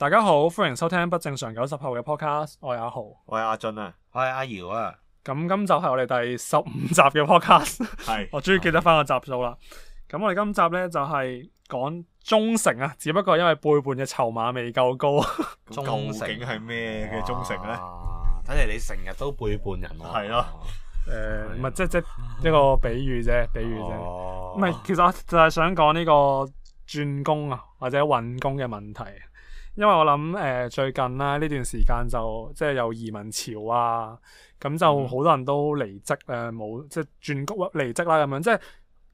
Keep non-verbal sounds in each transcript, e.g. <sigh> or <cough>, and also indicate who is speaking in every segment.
Speaker 1: 大家好，歡迎收聽不正常九十後嘅 podcast。我係阿豪，我係阿俊啊，我係阿姚啊。咁今集係我哋第十五集嘅 podcast 是。係 <laughs> 我終於記得翻個集數啦。咁是我哋今集呢，就係、是、講忠誠啊，只不過因為背叛嘅籌碼未夠高，忠誠係咩嘅忠誠呢？睇嚟你成日都背叛人係、啊、咯。誒 <laughs> 的，唔係即即一個比喻啫，比喻啫。唔係、哦，其實我就係想講呢個轉工啊或者運工嘅問題。因為我諗誒、呃，最近啦呢段時間就即係有移民潮啊，咁就好多人都離職誒，冇、呃、即係轉工離職啦咁樣，即係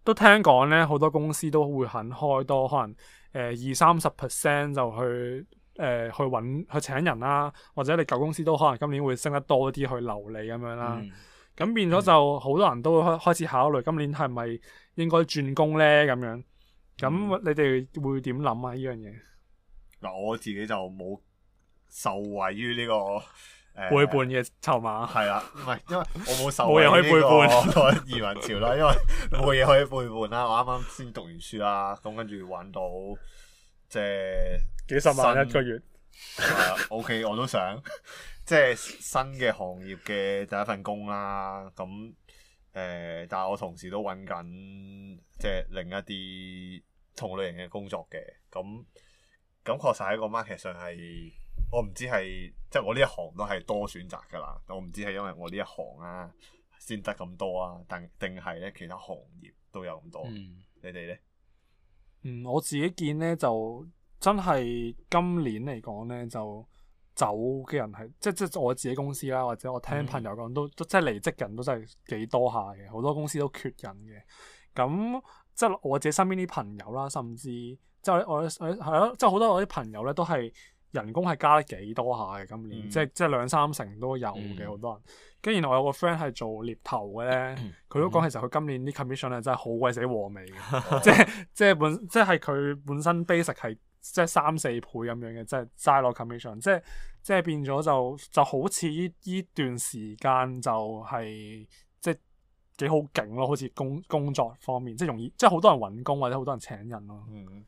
Speaker 1: 都聽講咧，好多公司都會肯開多可能誒二三十 percent 就去誒、呃、去搵去請人啦，或者你舊公司都可能今年會升得多啲去留你咁樣啦，咁、嗯、變咗就好多人都會開開始考慮今年係咪應該轉工咧咁樣，咁你哋會點諗啊呢樣嘢？
Speaker 2: 嗱，我自己就冇受惠於呢、呢個誒、呃、背叛嘅籌碼，係啊，唔係因為我冇受冇嘢、呢個、 <laughs> 可以背叛移 <laughs> 民潮啦，因為冇嘢可以背叛啦。我啱啱先讀完書啦，咁跟住揾到即係幾十萬一個月。 <laughs> 呃、OK，我都想即係新嘅行業嘅第一份工啦。咁誒、呃，但係我同時都揾緊即係另一啲同類型嘅工作嘅咁。咁確實喺個 market 上係，我唔知係即係我呢一行都係多選擇㗎喇。我唔知係因為我呢一行啊，先得咁多啊，定定係咧其他行業都有咁多？嗯、你哋咧？嗯，
Speaker 1: 我自己見咧就真係今年嚟講咧就走嘅人係即係即係我自己公司啦，或者我聽朋友講都、嗯、即係離職人都真係幾多下嘅，好多公司都缺人嘅。咁即係我自己身邊啲朋友啦，甚至。即係我係咯，即係好多我啲朋友咧都係人工係加得幾多下嘅今年，嗯、即係即係兩三成都有嘅好多人。跟住、嗯、然後我有個 friend 係做獵頭嘅咧，佢、嗯嗯、都講其實佢今年啲 commission 咧真係好鬼死和味嘅， <laughs> 即係即係本即係佢本身 basic 係即係三四倍咁樣嘅，即係齋落 commission，即係即係變咗就就好似依依段時間就係、是、即係幾好勁咯，好似工工作方面即係容易，即係好多人揾工或者好多人請人咯。嗯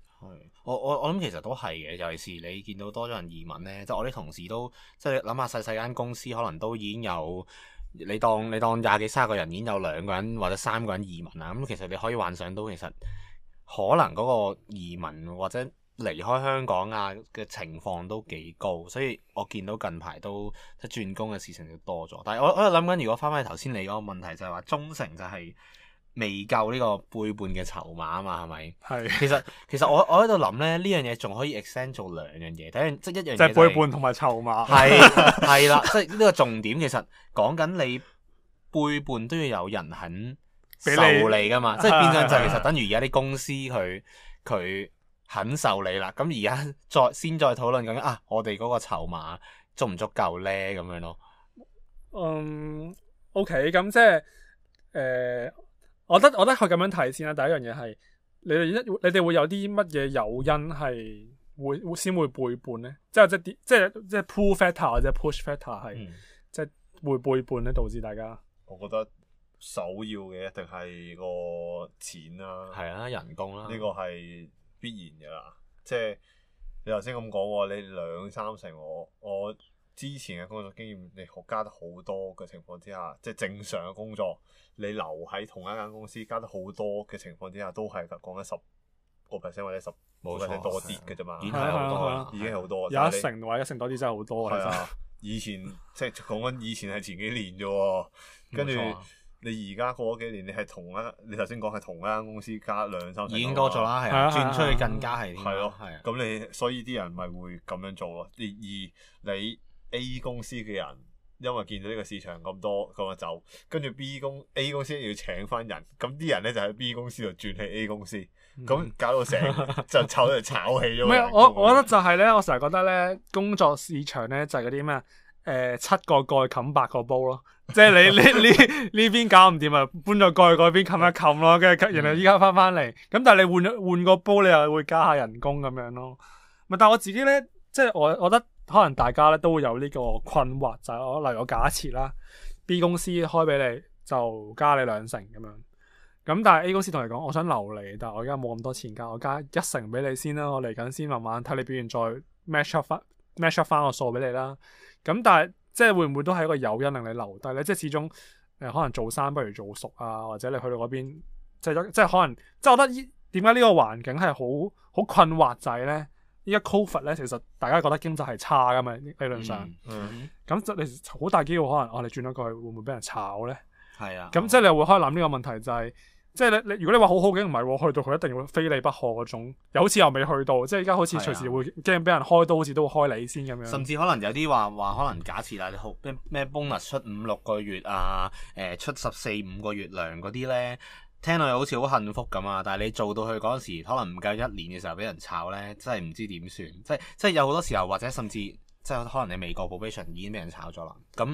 Speaker 3: 我我我諗其實都係嘅，尤其是你見到多咗人移民呢。即係我啲同事都即係諗下細細間公司，可能都已經有你當你當廿幾卅個人已經有兩個人或者三個人移民啊，咁、嗯、其實你可以幻想到其實可能嗰個移民或者離開香港啊嘅情況都幾高，所以我見到近排都即轉工嘅事情就多咗。但係我我又諗緊，如果翻翻頭先你講嘅問題，就係話忠誠就係、是。未夠呢個背叛嘅籌碼啊？嘛係咪？係是的 其實其實我我喺度諗咧，呢樣嘢仲可以 extend 做兩樣嘢，睇即係一樣即係背叛同埋籌碼係係啦，即係呢個重點其實講緊你背叛都要有人肯
Speaker 1: 受你㗎嘛，你即係變相就其實等
Speaker 3: 於而家啲公司佢佢肯受你啦。咁而家再先再討論緊啊，我哋嗰個籌碼足唔足夠咧？咁樣咯，
Speaker 1: 嗯，um，OK，咁即係誒。呃我覺得我覺得佢咁樣睇先啦。第一樣嘢係你哋一你哋會有啲乜嘢誘因係會會先會背叛咧？即係即係啲即係即係 pull factor 或者 push factor 係即係、嗯、會背叛咧，導致大家。
Speaker 2: 我覺得首要嘅一定係個錢啦，啊，係啊人工啦，啊，呢個係必然嘅啦。即係你頭先咁講喎，你兩三成我我。之前嘅工作經驗，你學加得好多嘅情況之下，即係正常嘅工作，你留喺同一間公司加得好多嘅情況之下，都係講緊十個 percent 或者十冇 percent 多啲嘅啫嘛，已經好多，已經好多有一成
Speaker 1: 或者一成多啲真係好多嘅。
Speaker 2: 以前即係講緊以前係前幾年啫喎，跟住你而家過咗幾年，你係同一你頭先講係同一間公司加兩三成已經多咗啦，轉出去更加係係咯，咁你所以啲人咪會咁樣做咯。而你。A 公司嘅人，因為見到呢個市場咁多，咁啊就走跟住 B 公 A 公司要請翻人，咁啲人咧就喺 B 公司度轉去 A 公司，咁、嗯、搞到成 <laughs> 就炒嚟炒去啫。唔係，，
Speaker 1: 我我覺得就係咧，我成日覺得咧，工作市場咧就係嗰啲咩誒七個蓋冚八個煲咯，即係你 <laughs> 你呢呢邊搞唔掂啊，搬咗過去嗰邊冚一冚咯，跟住然後依家翻翻嚟，咁、嗯、但係你換咗換個煲，你又會加下人工咁樣咯。唔係，但係我自己咧，即係我我覺得。可能大家咧都會有呢個困惑，就係、是、我例如我假設啦，B 公司開俾你就加你兩成咁樣，咁但係 A 公司同你講，我想留你，但係我而家冇咁多錢加，我加一成俾你先啦，我嚟緊先慢慢睇你表現再 match 翻 match 翻個數俾你啦。咁但係即係會唔會都係一個誘因令你留低咧？即係始終誒、呃、可能做生不如做熟啊，或者你去到嗰邊即係即係可能即係我覺得點解呢個環境係好好困惑仔咧？依家 COVID 咧，其實大家覺得經濟係差㗎嘛，理論上，咁就係好大機會可能，我哋轉咗過去會唔會俾人炒咧？係啊，咁即係你會開諗呢個問題就係、是，即係你你如果你話好好嘅唔係喎，去到佢一定要非你不可嗰種，又好似又未去到，即係而家好似隨時會驚俾人開刀，啊、好似都會開你先咁樣。甚至
Speaker 3: 可能有啲話話可能假設你好咩咩 bonus 出五六個月啊，誒、呃、出十四五個月糧嗰啲咧。聽落又好似好幸福咁啊！但係你做到去嗰陣時，可能唔夠一年嘅時候，俾人炒咧，真係唔知點算。即係即係有好多時候，或者甚至即係可能你未過 probation 已經俾人炒咗啦。咁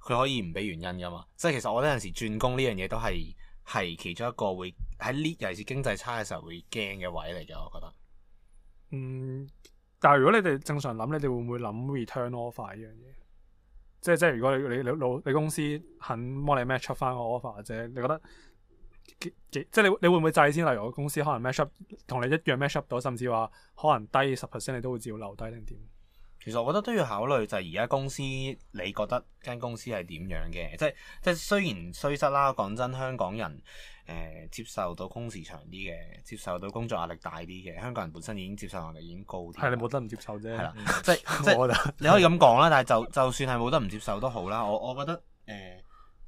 Speaker 3: 佢可以唔俾原因噶嘛。即係其實我覺得有陣時轉工呢樣嘢都係係其中一個會喺呢尤其是經濟差嘅時候會驚嘅位嚟嘅。我覺得。嗯，
Speaker 1: 但係如果你哋正常諗，你哋會唔會諗 return offer 呢樣嘢？即係即係如果你你老你公司肯幫你 match 翻個 offer 或者你覺得？即即即你你會唔會制先？例如我公司可能 match up 同你一樣 match up 到，甚至話可能低十 percent 你都會照留低定點？其實我覺得
Speaker 3: 都要考慮，就係而家公司你覺得間公司係點樣嘅？即即雖然雖則啦，講真香港人誒、呃、接受到工時長啲嘅，接受到工作壓力大啲嘅，香港人本身已經接受壓力已經高啲。係你冇得唔接受啫。係啦，即即 <laughs> 覺得 你可以咁講啦，但係就就算係冇得唔接受都好啦。我我覺得誒。呃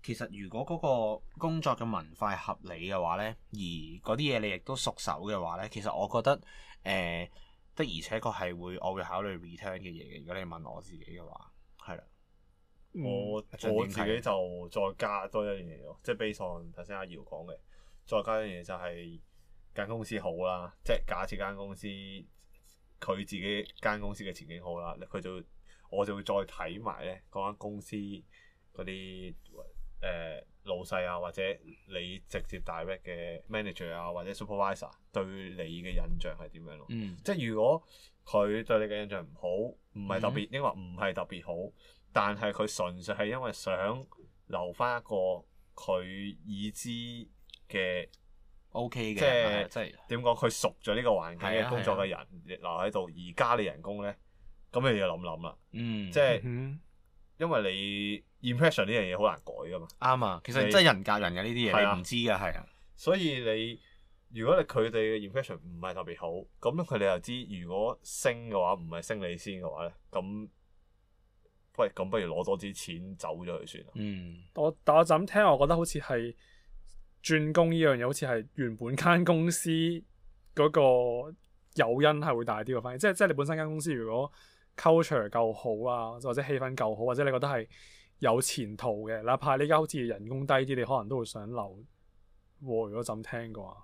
Speaker 3: 其實，如果嗰個工作嘅文化係合理嘅話呢，而嗰啲嘢你亦都熟手嘅話呢，其實我覺得誒、呃、的而且確係會我會考慮 return 嘅嘢嘅。如果你問我自己嘅話，係啦，嗯、我我自己
Speaker 2: 就再加多一樣嘢咯，即係 basically 頭先阿姚講嘅，再加一樣嘢就係間公司好啦。即係假設間公司佢自己間公司嘅前景好啦，佢就我就會再睇埋呢嗰間公司嗰啲。誒、呃，老細啊，或者你直接 direct 嘅 manager 啊，或者 supervisor 對你嘅印象係點樣咯？嗯、即係如果佢對你嘅印象唔好，唔係、嗯、特別，應該話唔係特別好，但係佢純粹係因為想留翻一個佢已知嘅 OK 嘅的，即係點講？佢、嗯嗯嗯、熟咗呢個環境嘅工作嘅人、啊啊啊、留喺度，而加你人工咧，咁你要諗諗啦。嗯，即係、嗯，嗯、因為你。impression 呢樣嘢好難改噶嘛？啱啊，其實真係人夾
Speaker 3: 人嘅呢啲嘢，你唔知噶係啊。
Speaker 2: 的所以你如果你佢哋嘅 impression 唔係特別好，咁佢哋又知如果升嘅話唔係升你先嘅話咧，咁喂咁不如攞多啲錢走咗佢算啦。嗯，
Speaker 1: 我但我就咁聽，我覺得好似係轉工呢樣嘢，好似係原本間公司嗰個誘因係會大啲嘅，反而即係即係你本身間公司如果 culture 夠好啊，或者氣氛夠好，或者你覺得係。有前途嘅，哪怕你而家好似人工低啲，你可能都會想留。哦、如果咁聽嘅話，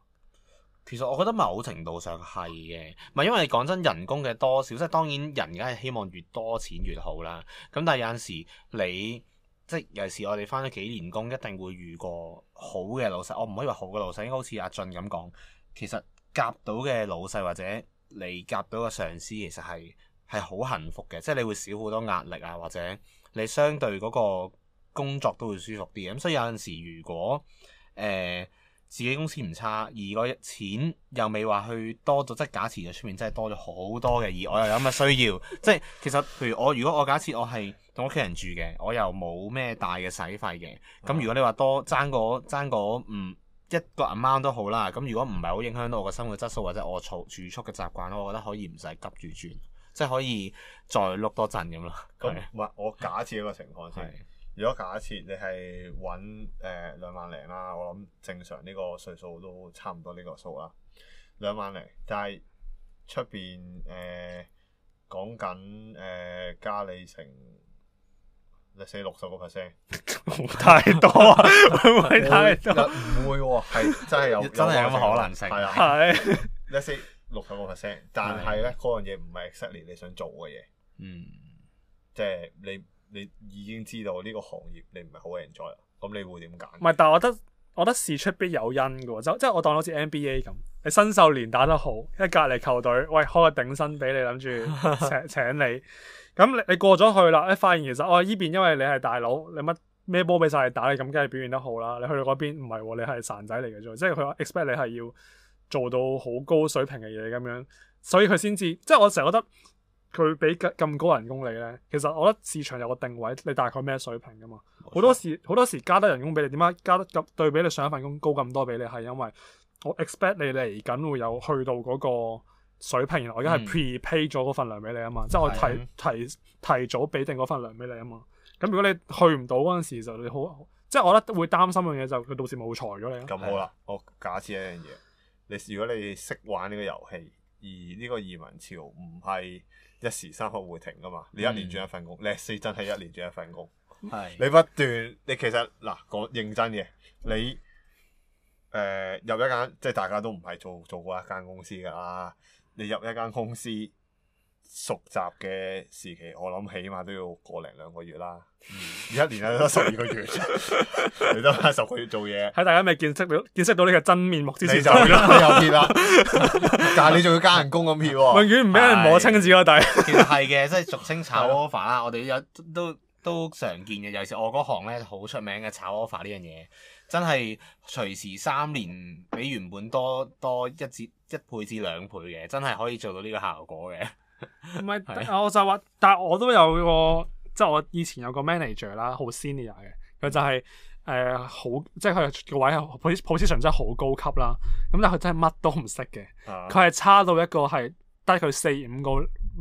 Speaker 1: 其實我覺得某程
Speaker 3: 度上係嘅，唔係因為你講真，人工嘅多少，即係當然人家係希望越多錢越好啦。咁但係有陣時你，即係尤其是我哋翻咗幾年工，一定會遇過好嘅老細。我唔可以話好嘅老細，應該好似阿俊咁講，其實夾到嘅老細或者你夾到嘅上司，其實係。係好幸福嘅，即係你會少好多壓力啊，或者你相對嗰個工作都會舒服啲咁、嗯。所以有陣時，如果誒、呃、自己公司唔差，而嗰錢又未話去多咗，即係假設喺出面真係多咗好多嘅，而我又有乜需要， <laughs> 即係其實譬如我如果我假設我係同屋企人住嘅，我又冇咩大嘅使費嘅，咁如果你話多爭嗰爭嗰嗯一個 amount 都好啦，咁如果唔係好影響到我個生活質素或者我儲儲蓄嘅習慣咧，我覺得可以唔使急住轉。即係可以再碌多陣咁咯。咁
Speaker 2: 那，是我假設一個情況先。如果假設你係揾誒兩萬零啦，我諗正常呢個歲數都差唔多呢個數啦。兩萬零，但係出邊誒講緊誒、呃、加你成你四六十個 percent，太多啊！唔 <laughs> 會太唔會喎，真係有真係有咁嘅可能性？係啊 <laughs> 吧，你係。六十個 percent，但係咧嗰樣嘢唔係 exactly 你想做嘅嘢。嗯，即係你你已經知道呢個行業你唔係好 enjoy，咁你會點揀？
Speaker 1: 唔係，但係我覺得我覺得事出必有因嘅喎，就即係我當好似 NBA 咁，你新秀年打得好，因為隔離球隊喂開個頂薪俾你，諗住請請你，咁 <laughs> 你你過咗去啦，一、哎、發現其實我依、哦、邊因為你係大佬，你乜咩波俾晒你打你，你咁梗係表現得好啦。你去到嗰邊唔係喎，你係散仔嚟嘅啫，即係佢話 expect 你係要。做到好高水平嘅嘢咁樣，所以佢先至即係我成日覺得佢俾咁高人工你呢。其實我覺得市場有個定位，你大概咩水平噶嘛？冇錯。好多時好多時加得人工俾你，點解加得咁？對比你上一份工高咁多俾你，係因為我 expect 你嚟緊會有去到嗰個水平，然後我而家係 prepare 咗嗰份糧俾你啊嘛，嗯、即係我提提提早俾定嗰份糧俾你啊嘛。咁如果你去唔到嗰陣時就，就你好即係我覺得會擔心嘅嘢就佢到時冇裁咗你咯。咁好啦，係
Speaker 2: 呀。我假設一樣嘢。你如果你識玩呢個遊戲，而呢個移民潮唔係一時三刻會，會停噶嘛？你一年轉一份工，嗯、你四真係一年轉一份工。係。是的 你不斷，你其實嗱講認真嘅，你誒、呃、入一間即係大家都唔係做做過一間公司㗎啦。你入一間公司。熟習嘅時期，我諗，起碼都要過零兩個月啦， <laughs> 一年啦都十二個月， <laughs> 你得翻十個月做嘢，喺
Speaker 1: <laughs> 大家未見識到見識到呢個真面目之前，你就又變啦， <laughs> 但係你仲要加人工咁變，啊，永遠唔俾人摸清自個底。是是其實係嘅， <laughs> 即係俗稱炒 offer
Speaker 3: 啦， <laughs> 我哋有都都，都常見嘅，尤其是我嗰行咧好出名嘅炒 offer 呢樣嘢，真係隨時三年比原本多多一至，一至一倍至兩倍嘅，真係可以做到呢個效果嘅。唔係，是的
Speaker 1: 我就話，但係我都有個，即係我以前有個 manager 啦，好 senior 嘅，佢就係誒好，即係佢個位，position 真係好高級啦。咁但係佢真係乜都唔識嘅，佢係、啊、差到一個係低佢四五個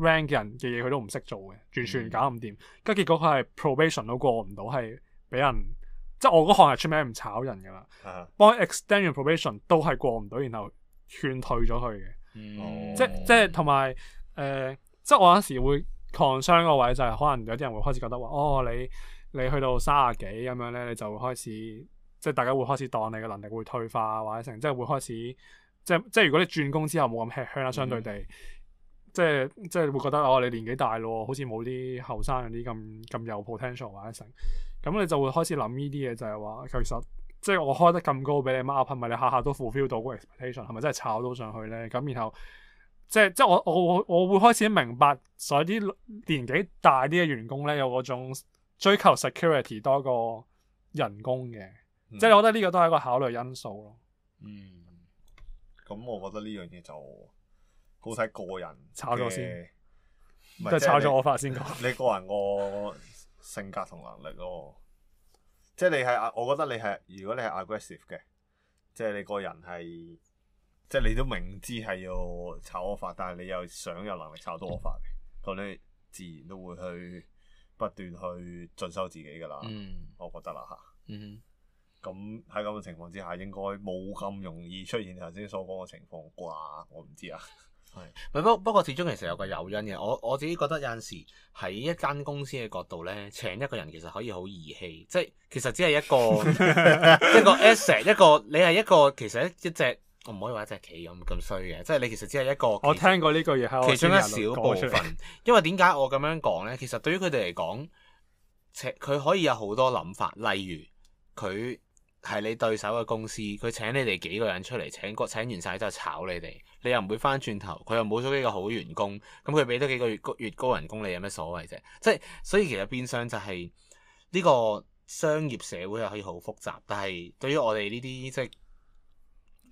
Speaker 1: rank 嘅人嘅嘢，佢都唔識做嘅，完全搞唔掂。跟住、嗯、結果佢係 prob、啊、probation 都過唔到，係俾人即係我嗰行係出名唔炒人噶啦，幫佢 extend probation 都係過唔到，然後勸退咗佢嘅。即係即係同埋。誒、呃，即係我有時會 concern 個位，就係可能有啲人會開始覺得話，mm hmm. 哦，你你去到三十幾咁樣咧，你就會開始即係大家會開始當你嘅能力會退化，或者成，即係會開始即係即係如果你轉工之後冇咁吃香啦，相對地，mm hmm. 即係即係會覺得哦，你年紀大咯，好似冇啲後生嗰啲咁咁有，有 potential 或者成，咁你就會開始諗呢啲嘢，就係、是、話其實即係我開得咁高俾你嘛，係咪你下下都 fulfill 到個 expectation，係咪真係炒到上去咧？咁然後。即係即係我我我會開始明白所有啲年紀大啲嘅員工咧，有嗰種追求 security 多過人工嘅，即係、嗯嗯嗯、我覺得呢個都係一個考慮因素
Speaker 2: 咯。嗯，咁我覺得呢樣嘢就好睇個人。炒咗先，即係炒咗我發先講你。 <laughs> 你個人個性格、同能力咯，即係你係啊？我覺得你係如果你係 aggressive 嘅，即係你個人係。即係你都明知係要炒我發，但係你又想有能力炒到我發嘅，咁你自然都會去不斷去進修自己㗎啦。嗯、我覺得啦嚇。咁喺咁嘅情況之下，應該冇咁容易出現頭先所講嘅情況啩、呃？我唔知
Speaker 3: 啊。係是，不不過始終其實有個誘因嘅。我我自己覺得有陣時喺一間公司嘅角度咧，請一個人其實可以好兒戲，即係其實只係一個 <laughs> 一個 asset，一個你係一個其實一隻。一隻我唔可以話一隻棋咁，咁衰嘅，即係你其實只係一個。我
Speaker 1: 聽過呢句嘢，其中一小部分。
Speaker 3: 因為點解我咁樣講呢？其實對於佢哋嚟講，佢可以有好多諗法。例如，佢係你對手嘅公司，佢請你哋幾個人出嚟，請請完晒之後就炒你哋。你又唔會翻轉頭，佢又冇咗幾個好員工，咁佢俾多幾個月高月高人工，你有咩所謂啫？即係所以其實變相就係呢個商業社會係可以好複雜，但係對於我哋呢啲即係。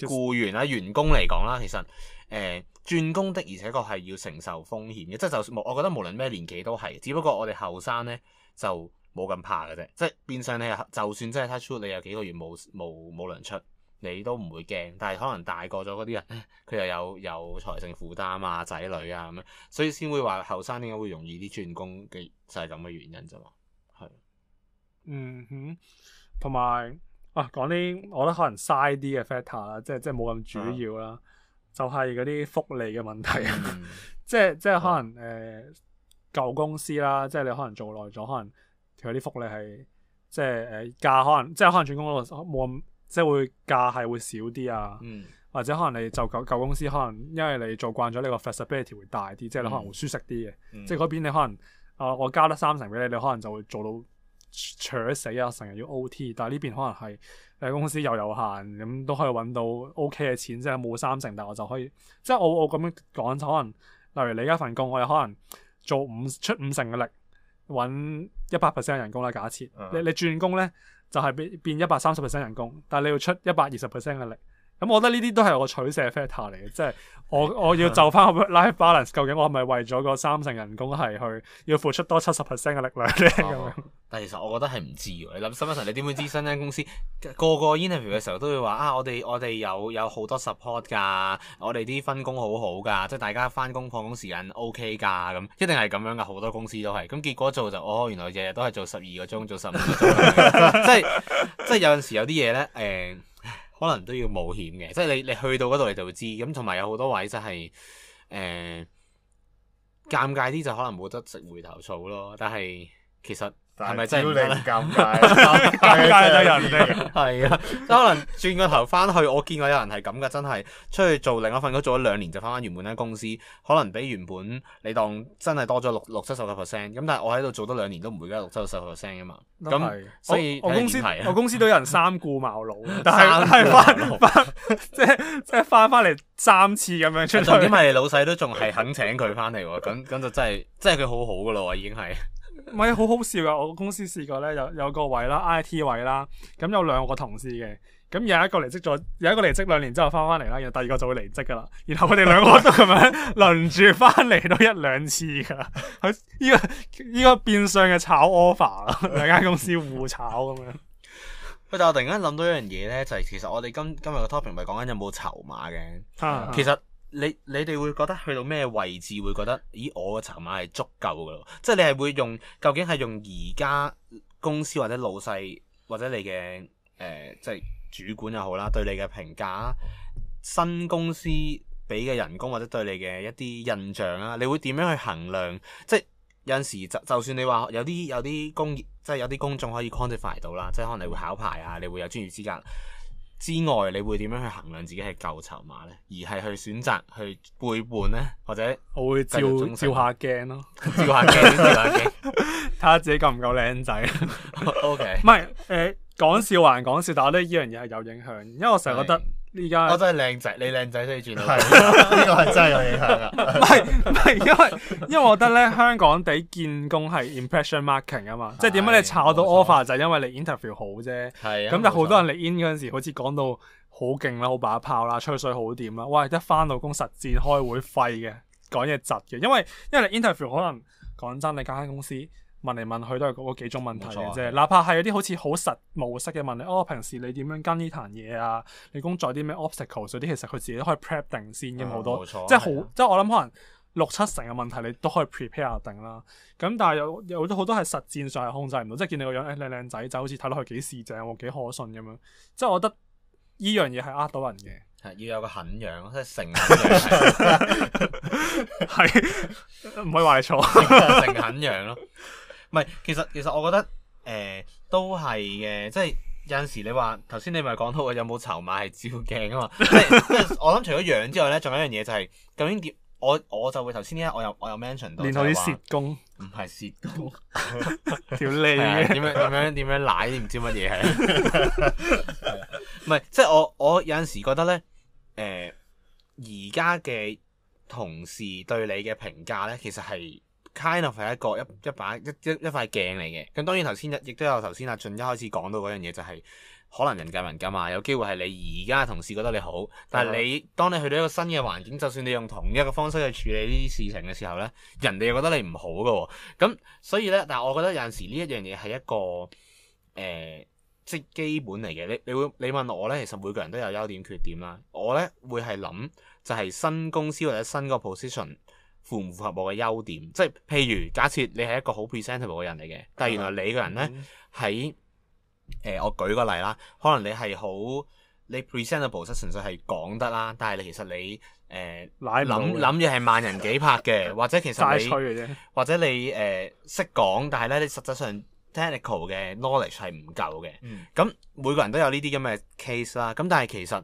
Speaker 3: 僱員啦，員工嚟講啦，其實誒轉工的，而且確係要承受風險嘅，即係就算我覺得無論咩年紀都係，只不過我哋後生咧就冇咁怕嘅啫，即係變相，你就算真係 touch wood 你有幾個月冇冇冇糧出，你都唔會驚，但係可能大個咗嗰啲人，佢又有有財政負擔啊，仔女啊咁樣，所以先會話後生點解會容易啲轉工嘅，就係咁嘅原因啫嘛。係，嗯
Speaker 1: 哼，同埋。啊，講啲我覺得可能嘥啲嘅 factor 啦，即係即係冇咁主要啦，啊、就係嗰啲福利嘅問題、嗯、啊，即係即係可能誒舊公司啦，即係你可能做耐咗，可能佢啲福利係即係誒、呃、價可能，即係可能轉工嗰度冇咁，即係會價係會少啲啊，嗯、或者可能你就舊舊公司可能因為你做慣咗，呢個 flexibility 會大啲，即係你可能會舒適啲嘅，嗯嗯、即係嗰邊你可能啊、呃、我加得三成畀你，你可能就會做到。扯死啊！成日要 O.T.，但係呢邊可能係誒公司又有限，咁都可以揾到 O.K. 嘅錢，即係冇三成，但我就可以，即係我我咁講就可能，例如你而家份工，我哋可能做五出五成嘅力，揾一百 percent 嘅人工啦。假設、uh huh. 你你轉工咧，就係、是、變變一百三十 percent 人工，但係你要出一百二十 percent 嘅力。咁我覺得呢啲都係我取捨 factor 嚟嘅，即係我我要就翻 work-life balance。究竟我係咪為咗個三成人工係去要付出多七十 percent 嘅力量咧？哦，咁樣。
Speaker 3: 但係其實我覺得係唔知喎。你諗深一層，你點會知新間公司個個 interview 嘅時候都會話啊？我哋我哋有有好多 support 㗎，我哋啲分工好好㗎，即係大家翻工放工時間 OK 㗎，咁一定係咁樣㗎。好多公司都係咁，結果做就哦，原來日日都係做十二個鐘，做十五個鐘， <laughs> 即係即係有陣時有啲嘢咧誒。嗯可能都要冒險嘅，即係你你去到嗰度你就會知，咁同埋有好多位就係呃，尷尬啲，就可能冇得食回頭草咯。但係其實～係咪真唔靈感？介介低人哋，係 <laughs> 啊！可能轉個頭翻去，我見過有人係咁噶，真係出去做另一份工，做咗兩年就翻翻原本間公司，可能比原本你當真係多咗六六七十個 percent 咁，但係我喺度做多兩年都唔會加六七十個 percent 噶嘛。咁是所以我，我公司我公
Speaker 1: 司都有人三顧茅廬， <laughs> 但係翻翻即係即係翻翻嚟三次咁樣出去，重點係
Speaker 3: 老細都仲係肯請佢翻嚟喎。咁咁就真係真係佢好好噶咯喎，已經係。
Speaker 1: 唔係好好笑嘅，我公司試過咧，有有個位啦，I T 位啦，咁有兩個同事嘅，咁有一個離職咗，有一個離職兩年之後翻翻嚟啦，然後第二個就會離職噶啦，然後佢哋兩個都咁樣輪住翻嚟都一兩次噶，佢 <laughs> 依、這個依、這個變相嘅炒 offer 啊， <laughs> 兩間公司互炒咁樣。喂，但我突然間諗到
Speaker 3: 一樣嘢咧，就係、是、其實我哋今今日嘅 topic 咪係講緊有冇籌碼嘅，啊啊、其實。你你哋會覺得去到咩位置會覺得，咦我嘅籌碼係足夠噶咯？即係你係會用，究竟係用而家公司或者老細或者你嘅誒、呃，即係主管又好啦，對你嘅評價，新公司俾嘅人工或者對你嘅一啲印象啊，你會點樣去衡量？即係有陣時就就算你話有啲有啲公，即係有啲公眾可以 quantify 到啦，即係可能你會考牌啊，你會有專業資格。之外，你會點樣去衡量自己係夠籌碼咧？而係去選擇去背叛咧，或者我會照照下鏡咯、啊，照下鏡、啊，睇 <laughs> 下、啊、 <laughs> 睇
Speaker 1: 下自己夠唔夠靚仔 <laughs> <laughs> Okay.。O K，唔係誒。講笑還講笑，但我覺得呢樣嘢係有影響，因為我成日覺得呢家我真係靚仔，你靚仔先轉到，呢個係真係有影響噶。 <laughs> 唔係唔係，因為因為我覺得咧，香港地見工係 impression marketing 啊嘛，是即係點解你炒到 offer 錯就係因為你 interview 好啫。係啊。咁就好多人嚟 in 嗰陣時好，好似講到好勁啦，好把炮啦，吹水好掂啦，哇！一返到工實戰開會廢嘅，講嘢窒嘅，因為因為你 interview 可能講真，你間公司。問嚟問去都係嗰嗰幾種問題嘅啫，哪怕係有啲好似好實模式嘅問題，哦，平時你點樣跟呢壇嘢啊？你工作啲咩 obstacle？嗰啲其實佢自己都可以 prep 定先嘅。好多，即係好即係我諗可能六七成嘅問題你都可以 prepare 定啦。咁但係有有咗好多係實戰上係控制唔到，即係見你個樣誒靚靚仔就好似睇落去幾實淨喎，幾可信咁樣。即係我覺得呢樣嘢係呃到人嘅，係要有個懇樣即係誠
Speaker 3: 懇樣，係唔可以話係錯，誠懇樣咯。唔係，其實其實我覺得誒、呃、都係嘅，即係有陣時你話頭先你咪講到我有冇籌碼係照鏡啊嘛，即係 <laughs> 我諗除咗樣之外咧，仲有一樣嘢就係、是、究竟點我我就會頭先咧，我又我又 mention 到練下啲舌功，唔係舌功，條脷點樣點樣點樣舐啲唔知乜嘢係，唔係即係我我有陣時覺得咧誒而家嘅同事對你嘅評價咧，其實係，係一個一一把一一塊鏡嚟嘅，咁當然頭先亦都有頭先阿俊一開始講到嗰樣嘢，就係可能人夾人㗎嘛，有機會係你而家嘅同事覺得你好，但係你當你去到一個新嘅環境，就算你用同一個方式去處理呢啲事情嘅時候呢，人哋又覺得你唔好㗎喎，咁所以呢，但係我覺得有陣時呢一樣嘢係一個誒，即係基本嚟嘅。你你會你問我呢，其實每個人都有優點缺點啦，我呢會係諗就係新公司或者新個 position。符唔符合我嘅優點？即係譬如假設你係一個好 presentable 嘅人嚟嘅，但係原來你個人呢，喺誒、嗯呃，我舉個例啦，可能你係好你 presentable，純粹係講得啦，但係你其實你誒諗諗嘢係萬人幾拍嘅，或者其實你或者你誒識講，但係呢，你實際上 technical 嘅 knowledge 係唔夠嘅。咁、嗯、每個人都有呢啲咁嘅 case 啦。咁但係其實。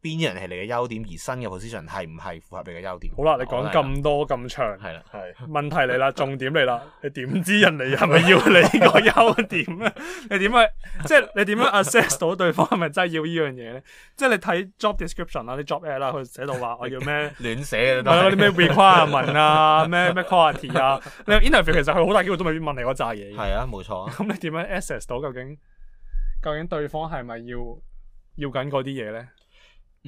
Speaker 3: 邊啲人係你嘅優點，而新嘅 proposal 係唔係符合你嘅優點？好啦，你講咁
Speaker 1: 多咁長，係啦，係問題嚟啦，重點嚟啦，你點知人哋係咪要你個優點咧？ <laughs> <laughs> 你點啊？即係你點樣 assess 到對方係咪真係要呢樣嘢咧？即係你睇 job description 啊，你 job 誒啦，佢寫到話我要咩？亂寫嘅都係啦，啲咩 requirement 啊，咩咩 quality 啊，你 interview 其實佢好大機會都未必問你嗰扎嘢。係啊，冇錯、啊。咁你點樣 assess 到究竟究竟對方係咪要要緊嗰啲嘢咧？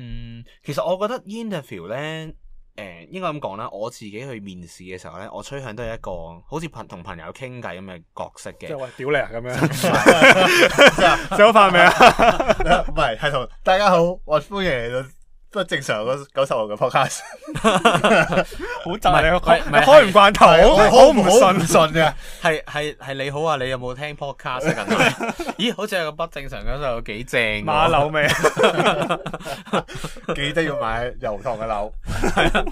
Speaker 1: 嗯，其實我覺得 interview 咧，誒、呃，應該咁講啦，我
Speaker 3: 自己去面試嘅時候咧，我趨向都係一個好似朋同朋友傾偈咁嘅角色嘅。即係喂屌你啊咁樣。食 <laughs> <laughs> 好飯未 <laughs> 啊？唔係，係同大家
Speaker 2: 好，我歡迎嚟到。不正常嗰九十六嘅 podcast，
Speaker 1: 好大，唔 <laughs> 勁是開唔慣頭，好唔順唔順嘅，
Speaker 3: 係係係你好啊！你有冇聽 podcast 近、啊、嚟？ <laughs> <laughs> 咦，好似係個不正常九十六，又幾正馬樓啊，記 <laughs> 得要買油塘嘅樓，係 <laughs> 啊，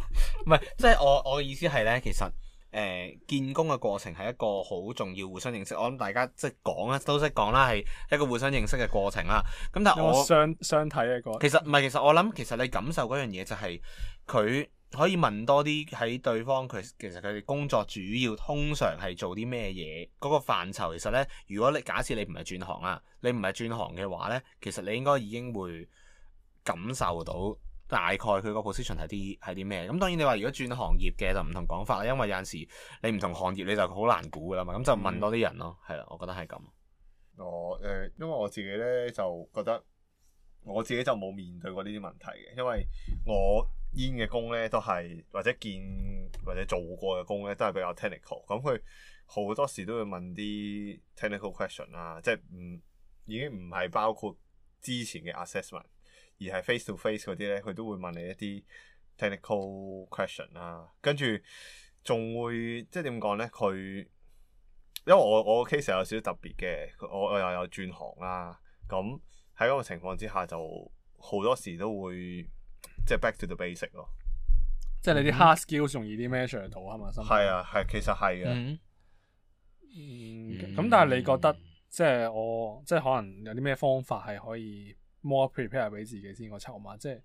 Speaker 3: <laughs> 唔係即係我我嘅意思係咧，其實。誒、呃，建工嘅過程係一個好重要互相認識，我諗大家即係講啦，都識講啦，係一個互相認識嘅過程啦。咁但係我相
Speaker 1: 相睇一過，其
Speaker 3: 實唔係，其實我諗，其實你感受嗰樣嘢就係、是、佢可以問多啲喺對方佢其實佢哋工作主要通常係做啲咩嘢嗰個範疇。其實呢，如果你假設你唔係轉行啊，你唔係轉行嘅話呢，其實你應該已經會感受到。大概佢個 position 係啲係啲咩？咁當然你話如果轉行業嘅就唔同講法啦，因為有陣時你唔同行業你就好難估噶啦嘛，咁、嗯、就問多啲人咯，係啦，我覺得係咁。
Speaker 2: 我誒、呃、因為我自己咧就覺得我自己就冇面對過呢啲問題嘅，因為我兼嘅工咧都係或者見或者做過嘅工咧都係比較 technical，咁佢好多時都會問啲 technical question 啊，即係唔已經唔係包括之前嘅 assessment。而係 face to face 嗰啲咧，佢都會問你一啲 technical question 啦、啊。跟住仲會即係點講咧？佢因為我我 case 有少少特別嘅，我我又有轉行啦、啊，咁喺嗰個情況之下，就好多時都會即係 back to the basic 咯、
Speaker 1: 啊。即係你啲 hard skills 容易啲 measure 到啊嘛，係、嗯、啊，係其實係嘅、嗯。嗯。咁、嗯、但係你覺得即係我即係可能有啲咩方法係可以？more prepare 俾自己先個籌碼，即係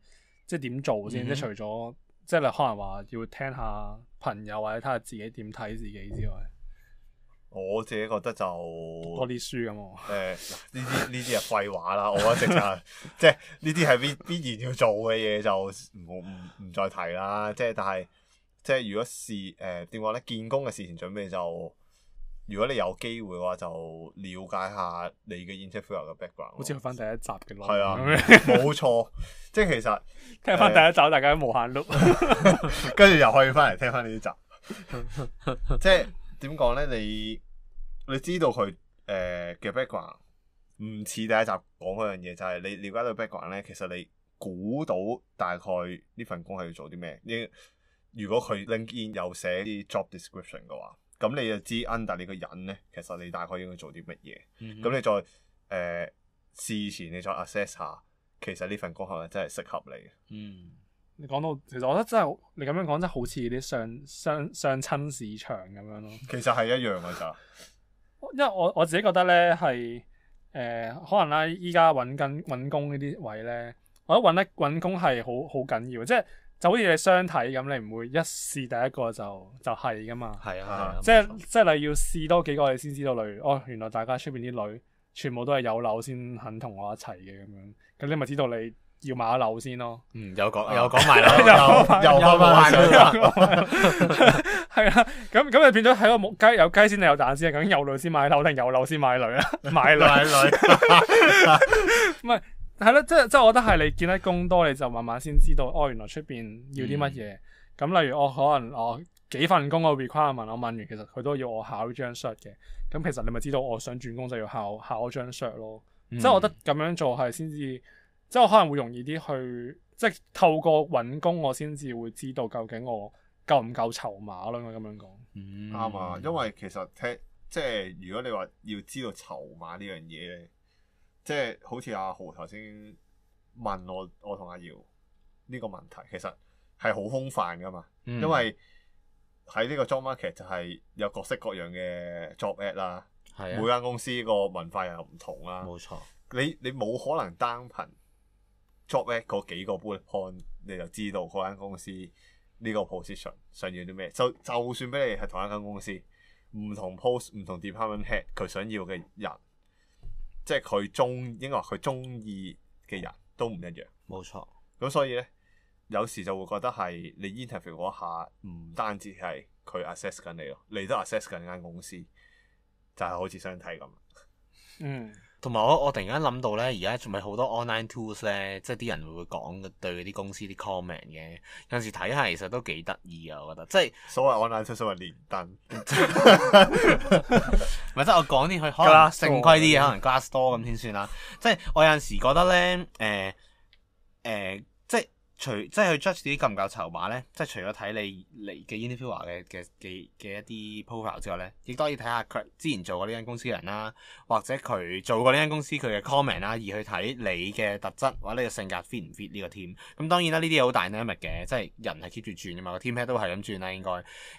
Speaker 1: 即係點做先？嗯、喲 即係除咗即係你可能話要聽下朋友或者睇下自己點睇自己之外，我
Speaker 2: 自己覺得就多
Speaker 1: 啲書咁咯。
Speaker 2: 誒、呃，呢啲呢啲係廢話啦， <laughs> 我一直就係、即
Speaker 1: 係呢啲係
Speaker 2: 必必然要做嘅嘢，就唔好唔唔再提啦。即係但係即係如果事誒點講咧，呃、見工嘅事前準備就。如果你有機會嘅話，就了解下你嘅 interview 嘅 background。
Speaker 1: 好似去翻第一集
Speaker 2: 嘅咯，係啊的，冇 <laughs> 錯， <laughs> 即係其實聽翻第一集， <laughs> 大家無限 loop 跟住又可以翻嚟聽翻呢一集。 <laughs> 即係點講咧？你你知道佢誒嘅 background 唔似第一集講嗰樣嘢，就係、是、你了解到 background 咧，其實你估到大概呢份工係要做啲咩？呢如果佢 LinkedIn 有寫啲 job description 嘅話。咁你就知 under 你個人咧，其實你大概應該做啲乜嘢？咁、mm hmm. 你再誒、呃、事前你再 assess 下，其實呢份工係咪真係適合你？嗯，
Speaker 1: 你講到其實我覺得真係你咁樣講真係好似啲相相相親市場咁樣咯。其實係一樣咋， <laughs> 因為我我自己覺得咧係誒可能咧依家揾緊揾工呢啲位咧，我覺得揾得揾工係好好緊要，即係。就好似你相睇咁，你唔會一試第一個就就係、是、㗎嘛。係啊，即係即係，你要試多幾個，你先知道女。例如，哦，原來大家出邊啲女全部都係有樓先肯同我一齊嘅咁樣。咁你咪知道你要買樓先咯。嗯，又講又講買樓，又又講買女。 <laughs> <laughs> 係啊，咁咁就變咗喺個木雞有雞先有蛋先，究竟有女先買樓定有樓先買女啊？買女買女。係咯，即係即係，我覺得係你見得工多，你就慢慢先知道，哦，原來出邊要啲乜嘢。咁、嗯、例如我可能我、哦、幾份工個 requirement，我問完，其實佢都要我考張 cert 嘅。咁其實你咪知道，我想轉工就要考考張 cert 咯。嗯、
Speaker 3: 即係我覺得
Speaker 1: 咁樣做係先至，即係我可能會容易啲去，即係透過搵工，我先至會知道究竟我夠唔夠籌碼咯。應該咁樣講，啱啊、嗯。嗯、
Speaker 2: 因為其實聽即係如果你話要知道籌碼呢樣嘢。即係好似阿豪頭先問我，我同阿姚呢、這個問題其實係好空泛噶嘛。嗯、因為喺呢個 job market 就係有各式各樣嘅 job ad 啦、啊，係每間公司個文化又唔同啦。冇錯，你你冇可能單憑 job ad 嗰幾個 bullet point 你就知道間公司呢個 position 想要啲咩？就就算俾你係同一間公司，唔同 post 唔同 department head 佢想要嘅人。即係佢中，應該話佢中意嘅人都唔一樣。冇錯。咁所以咧，有時就會覺得係你 interview 嗰下，唔單止係佢 assess 緊你咯，你都 assess 緊間公司，就係好似相睇咁。嗯。
Speaker 3: 同埋我我突然間諗到咧，而家仲咪好多 online tools 咧，即係啲人會會講對啲公司啲 comment 嘅，有時睇下其實都幾得意啊，我覺得即係所謂 online tools 所謂連登，唔即係我講啲去開啦，性規啲嘢，可能 Glassdoor 咁先、嗯嗯、算啦。即係我有陣時覺得咧，誒、呃、誒。呃除即係佢 judge 自己夠唔夠籌碼咧，即係除咗睇你嚟嘅 individual 嘅嘅嘅嘅一啲 profile 之外咧，亦都可以睇下佢之前做過呢間公司嘅人啦，或者佢做過呢間公司佢嘅 comment 啦，而去睇你嘅特質或者你嘅性格 fit 唔 fit 呢個 team。咁當然啦，呢啲好大 limit 嘅，即係人係 keep 住轉嘅嘛，個 team 都係咁轉啦，應該。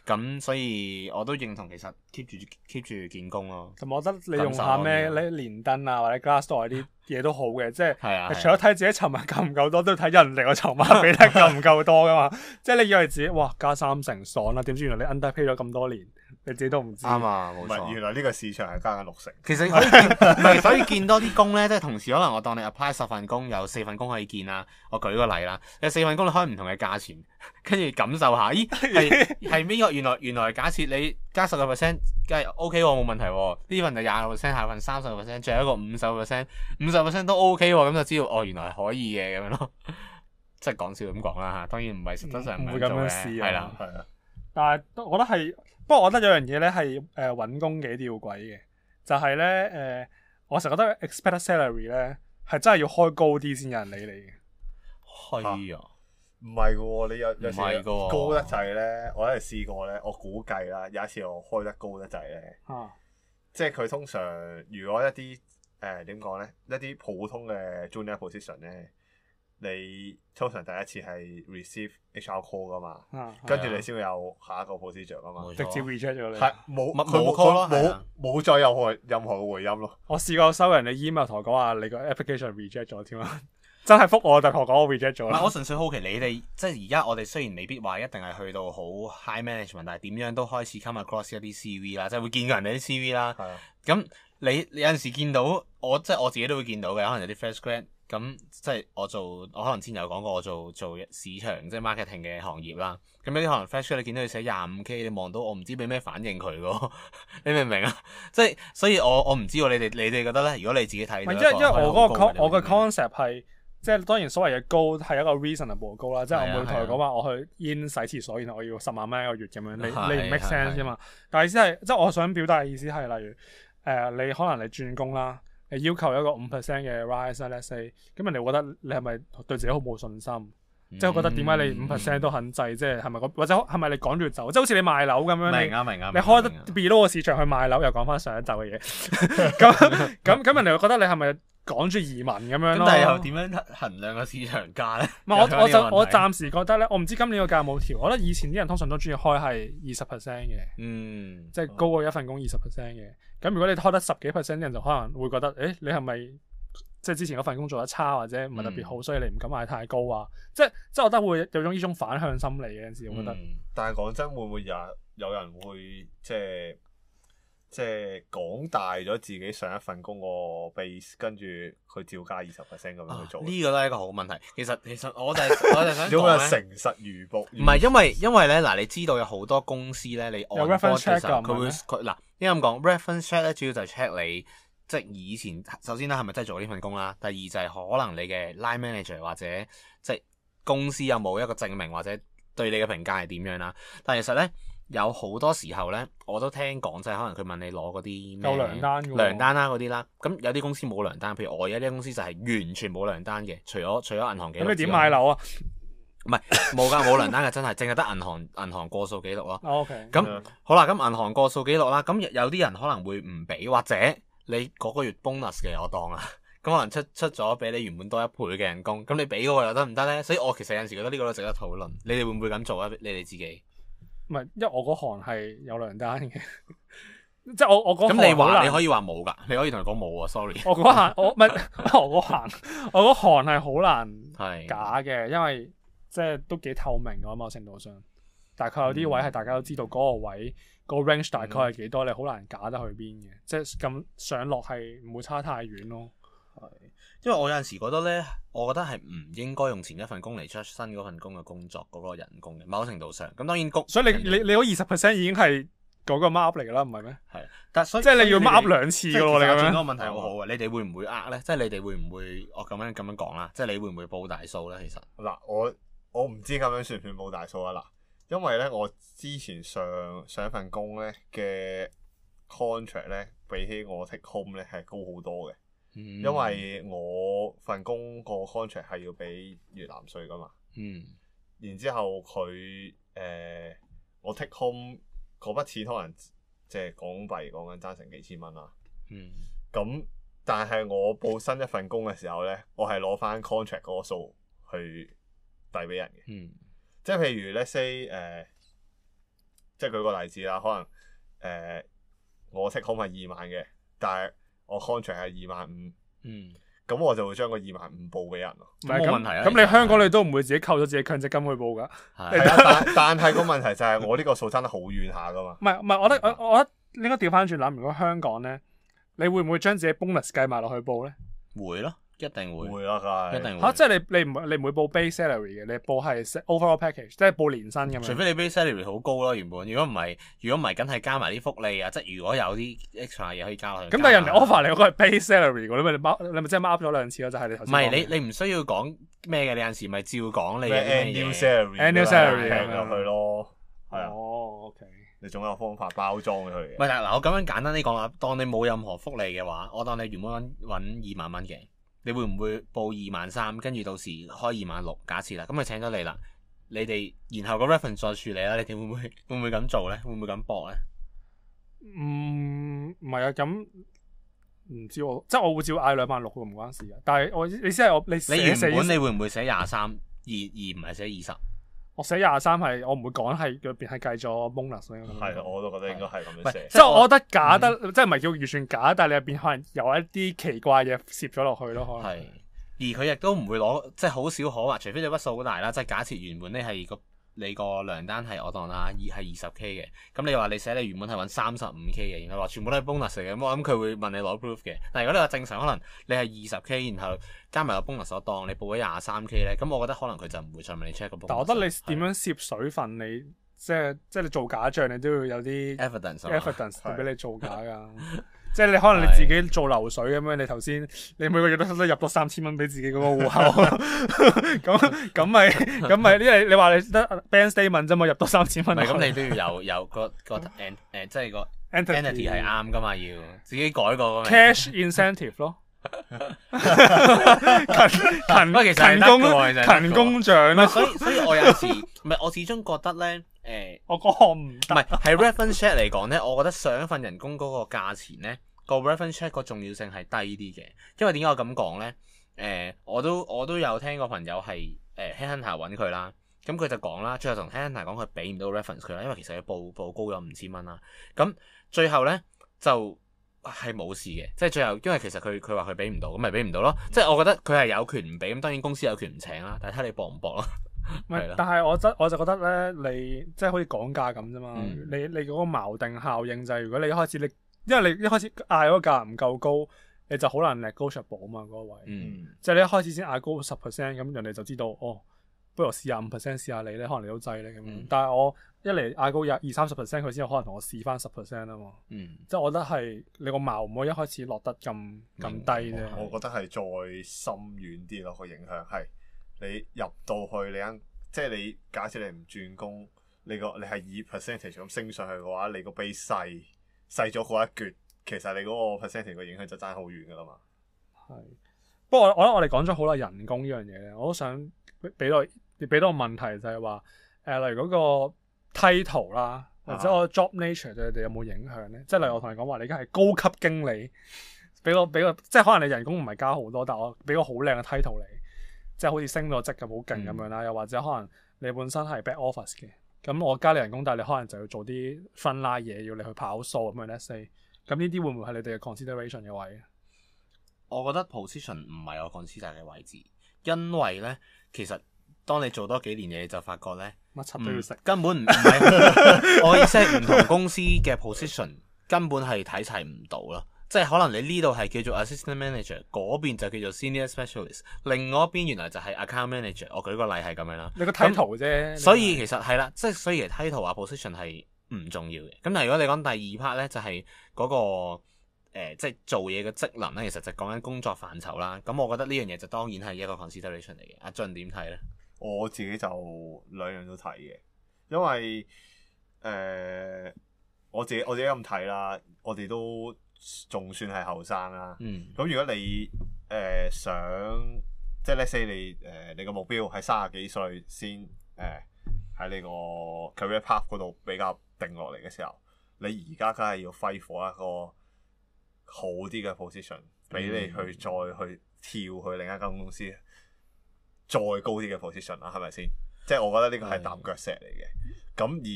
Speaker 3: 咁所以我都認同其實 keep 住 keep 住建功咯。咁
Speaker 1: 我覺得你用下咩？你連登啊，或者 Glassdoor 啲嘢都好嘅，即係、啊、除咗睇自己籌碼夠唔夠多，都要睇人哋個籌碼俾得夠唔夠多噶嘛。 <laughs> 即係你以為自己哇加三成爽啦，點知原來你 underpay 咗咁多年，你自己都唔知啊嘛。冇錯，原來呢個市
Speaker 3: 場係加緊六成。其實可以 <laughs> 所以見多啲工咧，即係同時可能我當你 apply 十份工，有四份工可以見啊。我舉個例啦，有四份工你開唔同嘅價錢。跟住感受下，咦？係係邊個？原來原來假設你加十個 percent，梗係 OK 喎、啊，冇問題、啊。呢份就廿個 percent，下份三十個 percent，最後一個五十個 percent，五十個 percent 都 OK 喎、啊，咁就知道哦，原來係可以嘅咁樣咯。
Speaker 1: <laughs> 即係講笑咁講啦吓，當然唔係實質上唔會咁樣試啊。係啦的，係啊。但係我覺得係，不過我覺得有樣嘢咧係誒搵工幾吊詭嘅，就係咧誒，我成日覺得 expected salary 咧係真係要開高啲先有人理你嘅。係的啊。唔係噶
Speaker 2: 喎，你有有時高得滯咧，我一係試過咧，我估計啦，有一次我開得高得滯咧，即係佢通常如果一啲誒點講咧，一啲普通嘅 junior position 咧，你通常第一次係 receive HR call 噶嘛，跟住你先會有下一個 position 啊嘛，直接 reject 咗你係冇冇 call 咯，冇冇
Speaker 1: 再有任何任何嘅回音咯。我試過收人嘅 email 同我講話，你個 application reject 咗添啦。真係覆我，就學講我 reject 咗啦。我
Speaker 3: 純粹好奇你哋，即係而家我哋雖然未必話一定係去到好 high management，但係點樣都開始 come across 一啲 CV 啦，即係會見過人哋啲 CV 啦。咁的你，你有陣時見到我，即係我自己都會見到嘅，可能有啲 fresh grad。咁即係我做，我可能之前有講過，我做做，做市場即係 marketing 嘅行業啦。咁有啲可能 fresh grad 你見到佢寫廿五 k，你望到我唔知俾咩反應佢喎？ <laughs> 你明唔明啊？即係所以我，我我唔知喎，你哋你哋覺得咧？如果你自己睇是，因為因為我嗰我
Speaker 1: 嘅 concept 係。即係當然，所謂嘅高係一個 reasonable 高啦。即係我唔會同佢講話，我去 in 洗廁所，然後我要十萬蚊一個月咁樣，是啊、你你唔 make sense 啫、啊啊、嘛。但係意思係，即係我想表達嘅意思係，例如誒、呃，你可能你轉工啦，你要求一個五 percent 嘅 rise，let's say 咁人哋會覺得你係咪對自己好冇信心？嗯、即係覺得點解你五 percent 都肯制？即係係咪或者係咪你趕住走？即係好似你賣樓咁樣，明啊明啊，你開得 below 個市場去賣樓又上，又講翻上一集嘅嘢。咁咁咁，人哋會覺得你係咪？講住移民咁樣咯，咁但係又
Speaker 3: 點樣衡量個市場價咧？唔係 <laughs> 我我就我暫
Speaker 1: 時覺得咧，我唔知今年個價冇調，我覺得以前啲人通常都中意開係二十 percent 嘅，嗯，即係高過一份工二十 percent 嘅。咁如果你開得十幾 percent，啲人就可能會覺得，誒、欸，你係咪即係之前嗰份工做得差或者唔係特別好，嗯、所以你唔敢買太高啊？即係即係，我覺得會有種呢種反向心理嘅陣時，我覺得。
Speaker 2: 但係講真，會唔會有人有人會即係？即係講大咗自己上一份工個 base，跟住佢照加二十 percent 咁樣去做。呢、啊呢個
Speaker 3: 都係一個好問題。其實其實我就係、 <laughs> 我就想講咧，誠實如薄。唔係因為因為咧嗱，你知道有好多公司咧，你外方 re 其實佢會佢嗱啲咁講 reference check 咧，是他 check，主要就係 check 你即係以前首先啦，係咪真係做呢份工啦？第二就係可能你嘅 line manager 或者即係公司有冇一個證明，或者對你嘅評價係點樣啦？但係其實咧。有好多時候咧，我都聽講即係，可能佢問你攞嗰啲咩？糧單噶喎、哦，糧單啦嗰啲啦。咁有啲公司冇糧單，譬如我而家啲公司就係完全冇糧單嘅，除咗除咗銀行記錄。咁你點買樓啊？唔係冇㗎，冇糧單嘅真係淨係得銀行銀行過數記錄咯。O
Speaker 1: K。咁
Speaker 3: 好啦，咁銀行過數記錄啦，咁有啲人可能會唔俾，或者你嗰個月 bonus 嘅，我當啊，咁 <laughs> 可能出出咗俾你原本多一倍嘅人工，咁你俾嗰個又得唔得咧？所以我其實有陣時覺得呢個都值得討論。你哋會唔會咁做啊？你哋自己？
Speaker 1: 唔係，因為我嗰行係有兩單嘅， <laughs> 即係我我嗰行咁你話你可以話
Speaker 3: 冇噶，你可以同佢講冇啊，Sorry。 <laughs> 我嗰行我唔
Speaker 1: 係我行，我嗰行係好難假嘅，是因為即係都幾透明噶嘛程度上，大概有啲位係大家都知道嗰個位，嗯、個 range 大概係幾多，嗯、你好難假得去邊嘅，即係咁上落係唔會差太遠咯。係，因為我有陣時覺得咧，我覺得係唔應
Speaker 3: 該用前一份工嚟，出新嗰份工嘅工作嗰個人工嘅。某程度上
Speaker 1: 咁，當然，所以你你你二十 percent 已經係嗰個 mark 嚟噶啦，唔係咩？係，但所以即係你要 mark 兩、er、次兩次噶你咁個問題好好
Speaker 3: 嘅，嗯、你哋會唔會呃咧、嗯？即係你哋會唔會？我咁樣咁樣講啦，即係你會唔會報大數咧？其實
Speaker 2: 嗱，我我唔知咁樣算唔算報大數啊？嗱，因為咧，我之前上上一份工咧嘅 contract 咧，比起我 take home 咧係高好多嘅。因為我份工個 contract 係要俾越南稅噶嘛，嗯，然之後佢誒、呃、我 take home 嗰筆錢可能即係港幣講緊爭成幾千蚊啦，嗯，咁但係我報新一份工嘅時候咧， <laughs> 我係攞翻 contract 嗰個數去遞俾人嘅，嗯，即係譬如 let's say 誒、呃，即係舉個例子啦，可能誒、呃、我 take home 係二萬嘅，但係我 contract 係二萬五，嗯，咁我就會將個二萬五報俾人咯，冇問題啊。咁你的
Speaker 1: 香港你都唔會自己扣咗自己強積金去報噶？係的。 <laughs> 但但係個問題就係我呢個數爭得好遠下噶嘛。唔係唔係，我覺得的我我得應該調翻轉諗，如果香港咧，你會唔會將自己 bonus 計埋落去報咧？
Speaker 3: 會咯。一定會，會啊，佢，嚇、啊，即
Speaker 1: 係你你唔你唔會報 base salary 嘅，你報係 overall package，即係報年薪咁樣。除
Speaker 3: 非你 base salary 好高咯、啊，原本，如果唔係，如果唔係，梗係加埋啲福利啊，即係如果有啲 extra 嘢可以加落去。咁但係人哋 offer
Speaker 1: 你嗰個係 base salary 喎，你咪 m 你咪即係 mark 咗兩次咯，就係、是、你唔係你
Speaker 3: 你唔需要講咩嘅，你有時咪照講你嘅 annual salary annual salary 入去咯，係
Speaker 2: 啊。哦，OK。你總有方法包裝佢。
Speaker 3: 唔係嗱，我咁樣簡單啲講啦，當你冇任何福利嘅話，我當你原本揾二萬蚊嘅。你會唔會報二萬三，跟住到時開二萬六？假設啦，咁咪請咗你啦。你哋然後個 reference 再處理啦。你哋會唔會會唔會
Speaker 1: 咁做咧？會唔會咁搏咧？唔唔係啊，咁唔知我即係我會照嗌兩萬六嘅，唔關事嘅。但係我你先係我你4，你原本你會唔會寫
Speaker 3: 廿三、嗯，而而唔係寫二十？
Speaker 1: 我寫廿三係，我唔會講係入邊係計咗 minus 嘅。係，我都覺得應
Speaker 3: 該係咁樣寫。是即係我覺
Speaker 1: 得假得，嗯、即係唔係叫預算假，但係你入邊可能有一啲奇怪嘢攝咗落去咯，可能。係，而佢亦都唔會攞，即係好少
Speaker 3: 可話，除非你筆數好大啦。即係假設原本呢係個。你個量單係我當啦，二係二十 K 嘅，咁你話你寫你原本係揾三十五 K 嘅，然後話全部都係 bonus 嚟嘅，咁我諗佢會問你攞 proof 嘅。但如果你話正常，可能你係二十 K，然後加埋個 bonus 所當，你報咗廿三 K 咧，咁我覺得可能佢就唔會再問你 check 個 book。但我覺
Speaker 1: 得你點樣攝水分，是你即係即係你做假象，你都要有啲 evidence，evidence 俾你做假㗎。 <laughs> 即係你可能你自己做流水咁樣，你頭先你每個月都偷偷入多三千蚊俾自己嗰個戶口，咁咁咪咁咪，因為你話你得 bank statement 啫嘛，入多三千蚊。係咁，你都要有
Speaker 3: 有個個誒誒，即係個 entity 係啱噶嘛，要自己改過嘅 cash
Speaker 1: incentive 咯，勤勤勤工勤工獎咯。所以所以我有時，
Speaker 3: 唔係我始終覺得咧。誒，欸，我嗰行唔得，唔係係 reference check 嚟講咧，我覺得上一份人工嗰個價錢咧，個 reference check 個重要性係低啲嘅。因為點解我咁講咧？誒、欸，我都我都有聽過朋友係誒 headhunter 揾佢啦，咁佢就講啦，最後同 headhunter 講佢俾唔到 reference 佢啦，因為其實佢報報高咗五千蚊啦。咁最後咧就係冇事嘅，即、就、係、是、最後因為其實佢佢話佢俾唔到，咁咪俾唔到咯。即係、嗯、我覺得佢係有權唔俾，咁當然公司有權唔請啦，
Speaker 1: 但係睇你搏唔搏咯。唔係，是但係我真我就覺得咧，你即係好似講價咁啫嘛。嗯、你你嗰個錨定效應就係，如果你一開始你，因為你一開始嗌嗰個價唔夠高，你就好難 raise 高出 s 啊嘛嗰、那個、位。嗯，即係你一開始先嗌高十 percent，咁人哋就知道哦，不如試下五 percent，試下你咧，可能你都制咧。嗯。但係我一嚟嗌高廿二三十 percent，佢先有可能同我試返十 percent 啊嘛。嗯。即係我覺得係你個錨唔可以一開始落得咁咁、嗯、低咧。我覺得係再深
Speaker 2: 遠啲咯，個
Speaker 1: 影響係你
Speaker 2: 入到去，你啱，即係你假設你唔轉工，你個你係以 percentage 咁升上去嘅話，你個比細細咗嗰一橛，其實你嗰、嗰個 percentage 個影響就爭好遠噶啦嘛。係，
Speaker 1: 不過我我諗我哋講咗好耐人工呢樣嘢咧，我都想俾到俾多個問題就，就係話，誒，例如嗰個 title 啦，或者我 job nature 對你哋有冇影響咧？即係、啊、例如我同你講話，你而家係高級經理，俾個俾個，即係可能你人工唔係加好多，但我俾個好靚嘅 title 你。即係好似升咗職咁好勁咁樣啦，嗯、又或者可能你本身係 back office 嘅，咁我加你人工，但係你可能就要做啲分拉嘢，要你去跑數咁樣。Let's say，咁呢啲會唔會係你哋嘅 consideration 嘅位？我覺得 position 唔係我 consider 嘅位置，因為呢，
Speaker 3: 其實當你做多幾年嘢就發覺呢，乜柒都要識、嗯，根本唔係 <laughs> <laughs> 我意思係唔同公司嘅 position 根本係睇齊唔到啦。即係可能你呢度係叫做 assistant manager，嗰邊就叫做 senior specialist，另外一邊原來就係 account manager。我舉個例係咁樣啦。你個 title 啫。所以其實係啦，即係所以其實 title 啊 position 係唔重要嘅。咁但係如果你講第二 part 咧，就係、是、嗰、那個、呃、即係做嘢嘅職能咧，其實就講緊工作範疇啦。咁我覺得呢樣嘢就當然係一個 consideration 嚟嘅。阿俊點睇咧？
Speaker 2: 我自己就兩樣都睇嘅，因為誒、呃、我自己我自己咁睇啦，我哋都。仲算係後生啦，咁、嗯、如果你誒想，即係 let's say 你誒你個目標係三十幾歲先誒喺、呃、呢個 career path 嗰度比較定落嚟嘅時候，你而家梗係要揮火一個好啲嘅 position 俾你去再去跳去另一間公司再高啲嘅 position 啦、嗯嗯，係咪先？即係我覺得呢個係踏腳石嚟嘅，咁、嗯、而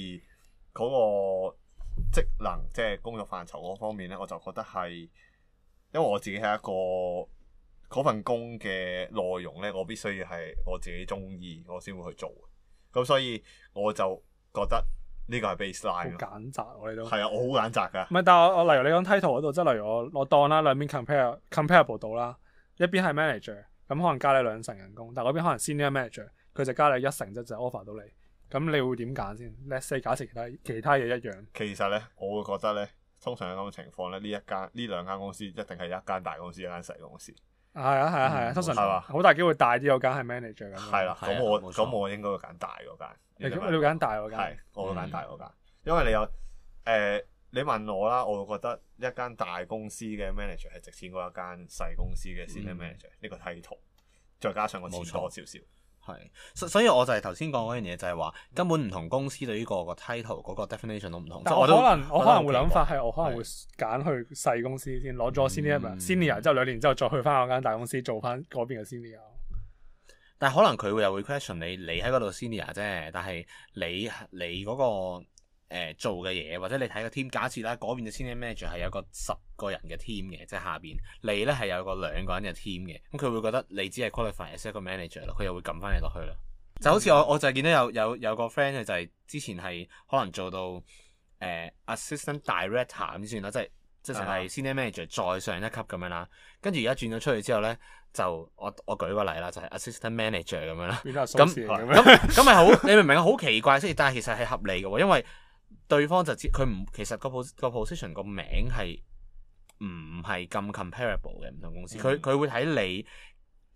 Speaker 2: 嗰、那個。職能即係工作範疇嗰方面咧，我就覺得係，因為我自己係一個嗰份工嘅內容咧，我必須要係我自己中意，我先會去做。咁所以我就覺得呢個係 baseline，好
Speaker 1: 揀擇，我哋都係啊，我好揀擇噶。唔係，但係我我例如你講 title 嗰度，即係例如我落檔啦，兩邊 compare compare 到啦，一邊係 manager，咁可能加你兩成人工，但係嗰邊可能 senior manager，佢就加你一成啫，即係就 offer 到你。咁你會點揀先？Let's say 假設其他其他嘢一樣，其
Speaker 2: 實咧，我會覺得咧，通常有咁嘅情況咧，呢一間呢兩間公司一定係一間大公司，一間細公司。
Speaker 1: 係啊係啊係啊，啊啊嗯、通常好錯大機會大啲有間係 manager 咁樣。係啦，咁、啊、我咁、啊、我
Speaker 2: 應該會揀大嗰間。你，吧你要揀大嗰間？我會揀大嗰間，嗯、因為你有誒、呃，你問我啦，我會覺得一間大公司嘅 manager 係值錢過一間細公司嘅先啲 manager。呢 man、嗯嗯、個梯度，再加上個錢多少少。
Speaker 3: 係，所所以我就係頭先講嗰樣嘢，就係話根本唔同公司對呢、這個、這個 title 嗰個 definition 都唔同。我可能我,都我可能會諗過法係，
Speaker 1: 我可能會揀去細公司先，攞咗 senior senior 之後兩年之後再去翻嗰間大公司做翻嗰邊嘅 senior。
Speaker 3: 但係可能佢會有個 question 你，你喺嗰度 senior 啫，但係你你嗰、那個。誒、呃、做嘅嘢，或者你睇個 team，假設啦，嗰邊嘅 senior manager 係有個十個人嘅 team 嘅，即係下邊你咧係有個兩個人嘅 team 嘅，咁佢會覺得你只係 qualify as 一個 manager 啦，佢又會撳翻你落去啦。
Speaker 1: 就好似我
Speaker 3: 我就見到有有有個 friend 佢就係之前係可能做到誒、呃、assistant director 咁先啦，即係即係係 senior manager 再上一級咁樣啦。跟住而家轉咗出去之後咧，就我我舉個例啦，就係、assistant manager 咁樣啦。咁咁咁咪好，你明唔明？好奇怪，即係但係其實係合理嘅喎，因為對方就知佢唔，其實個 pos 個 position 個名係唔係咁 comparable 嘅唔同公司。佢佢、嗯、會睇你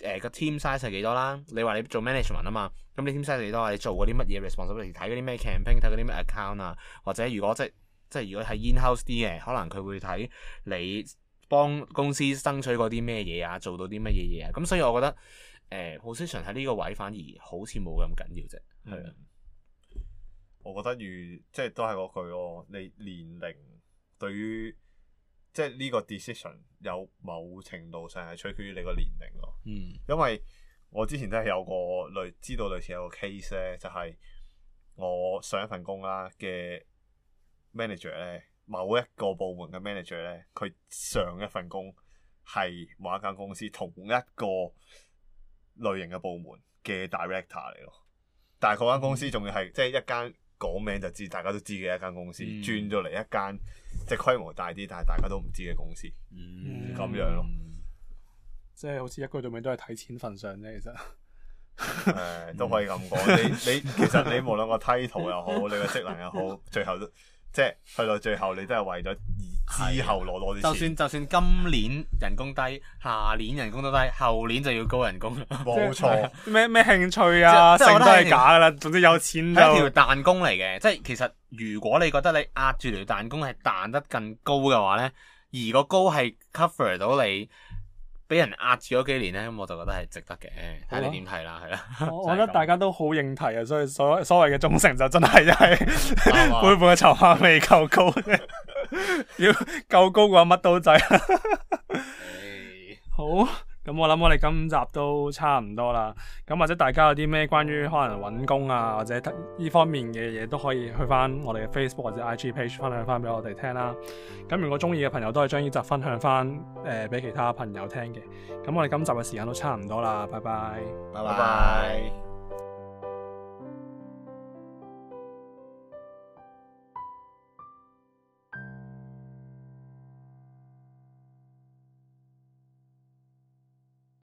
Speaker 3: 誒個、呃、team size 係幾多啦？你話你做 management 啊嘛，咁你 team size 係幾多啊？你做過啲乜嘢 responsibility？睇嗰啲咩 campaign？睇嗰啲咩 account 啊？或者如果即即如果係 in house 啲嘅，可能佢會睇你幫公司爭取過啲咩嘢啊？做到啲乜嘢嘢啊？咁所以我覺得誒、呃、position 喺呢個位反而好似冇咁緊要啫，係啊。嗯
Speaker 2: 我覺得如，如即係都係嗰句咯，你年齡對於即係呢個 decision 有某程度上係取決於你個年齡咯。嗯，因為我之前都係有個類知道類似有個 case 咧，就係我上一份工啦嘅 manager 咧，某一個部門嘅 manager 咧，佢上一份工係某一間公司同一個類型嘅部門嘅 director 嚟咯，但係嗰間公司仲要係、嗯、即係一間。講名就知，大家都知嘅一間公司，嗯、轉咗嚟一間即係規模大啲，但係大家都唔知嘅公司，咁、嗯、樣
Speaker 1: 咯。即係好似一句到尾都係睇錢份上啫，其實。誒、呃，都可以咁講。 <laughs> 你你其實你無論個 title 又好， <laughs> 你個職能又好，最後都。
Speaker 2: 即係去到最後，你都係為咗
Speaker 3: 而之後攞攞啲錢。就算就算今年人工低，下年人工都低，後年就要高人工啦。冇錯，
Speaker 1: 咩咩興趣啊，性都係假
Speaker 3: 噶啦。總之有錢就係條彈弓嚟嘅。即係其實如果你覺得你壓住條彈弓係彈得更高嘅話呢，而個高係 cover 到你。俾人壓住咗幾年咧，咁我就覺得係值得嘅。睇的你點睇啦，係啦。
Speaker 1: 我， <laughs> 我覺得大家都好應題啊，所以所所謂嘅忠誠就真係係背叛嘅籌碼未夠高。 <laughs> 要夠高嘅話，乜都制。 <laughs> Hey. 好。咁我諗我哋今集都差唔多啦，咁或者大家有啲咩關於可能搵工啊或者呢方面嘅嘢都可以去翻我哋嘅 Facebook 或者 IG page 分享翻俾我哋聽啦啊。咁如果中意嘅朋友都係將呢集分享翻誒俾其他朋友聽嘅。咁我哋今集嘅時間都差唔多啦，拜拜，拜拜。